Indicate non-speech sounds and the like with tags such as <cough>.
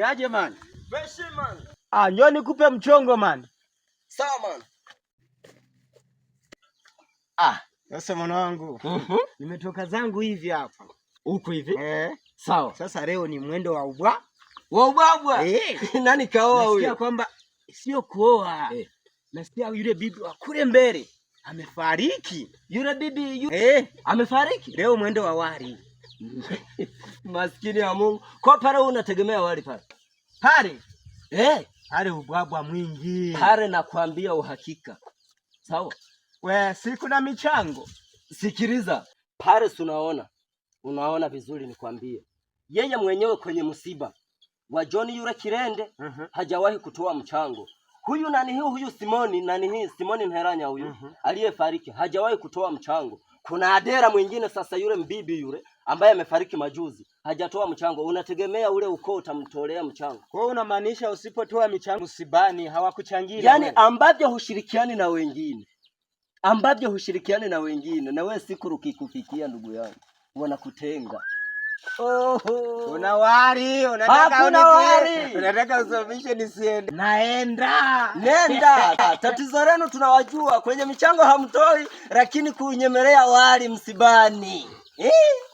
Niaje man? Beshi man. Ah, njoo nikupe mchongo man. Sawa man. Ah, sasa mwana wangu. Mm Nimetoka zangu hivi hapa. Huko hivi? Eh. Sawa. Sasa leo ni mwendo wa ubwa. Wa ubwa. ubwa. Eh. <laughs> Nani kaoa huyo? Nasikia kwamba sio kuoa. Eh. Nasikia yule bibi wa kule mbele amefariki. Yule bibi yule. Eh, amefariki. Leo mwendo wa wari. <laughs> Maskini ya Mungu. Kwa pale unategemea wali pale pale eh, pale ubwabwa mwingi pale, nakwambia uhakika. Sawa we, siku na michango. Sikiliza pale, tunaona unaona vizuri, nikwambie, yeye mwenyewe kwenye msiba wa John yule Kirende mm -hmm. hajawahi kutoa mchango huyu nani huyu Simoni nani Simoni Mheranya huyu mm -hmm. aliyefariki hajawahi kutoa mchango. Kuna adera mwingine sasa, yule mbibi yule ambaye amefariki majuzi hajatoa mchango, unategemea ule ukoo utamtolea mchango? Kwa hiyo unamaanisha usipotoa mchango msibani hawakuchangia, yaani ambavyo hushirikiani na wengine, ambavyo hushirikiani na wengine, na wewe siku ukikufikia ndugu yangu wanakutenga. Oho. Una wari, unataka wari. Unataka usomishe nisiende. Naenda. <laughs> Nenda. Tatizo lenu tunawajua, kwenye michango hamtoi, lakini kunyemelea wali msibani. Eh?